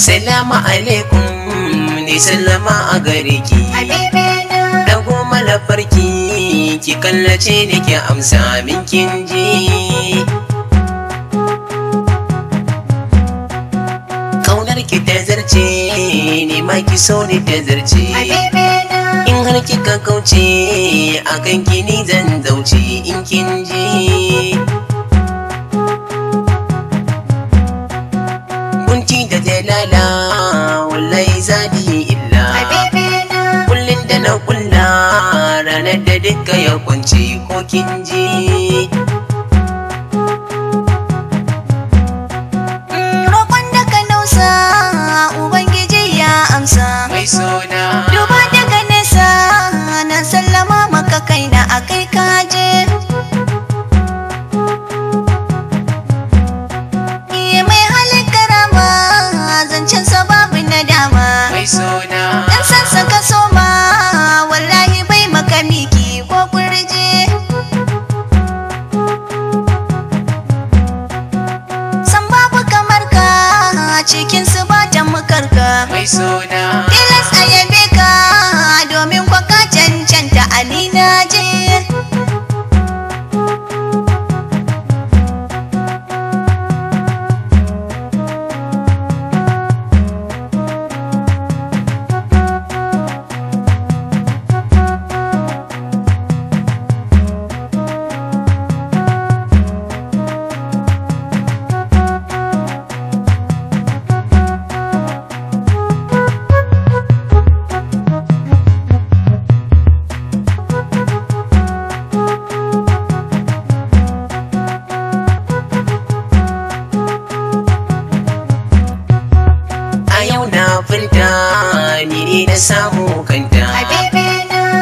Salama alaikum ne sallama a gare ki. Dago mana farki ki kallace da ki amsa min kin ji. Kaunar ki ta zarce ne ma ki so ni ta zarce. In har kika kauce akan ki ni zan zauce in kin ji. lala wallahi zani illa kullum da na kulla ranar da duka ya kwance ko kin so down. ni na samu kanta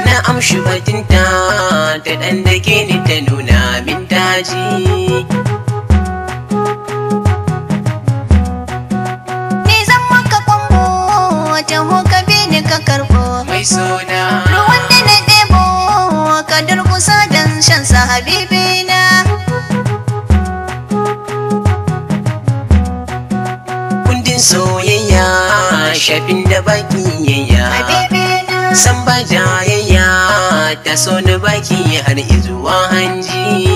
na amshi batinta ta ɗan da ke ni ta nuna min daji Mai suna ruwan da na ɗebo ka durkusa dan shan sa habibi shafin da baki yayya san ba jayayya ta so na baki har izuwa hanji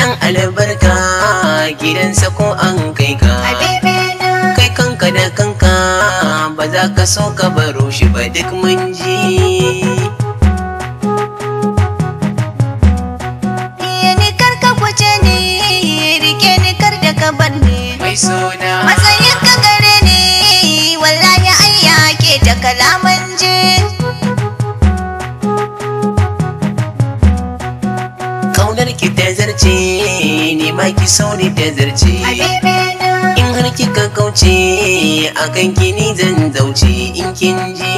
dan albarka gidansa ko an kai ka kai kanka da kanka ba za ka so ka baro shi ba duk mun ji Mai sona Matsayin ka gare ne wallahi ai yake da kalaman jini baki sauri da zarce in har kika kauce akan kini zan zauce in kin ji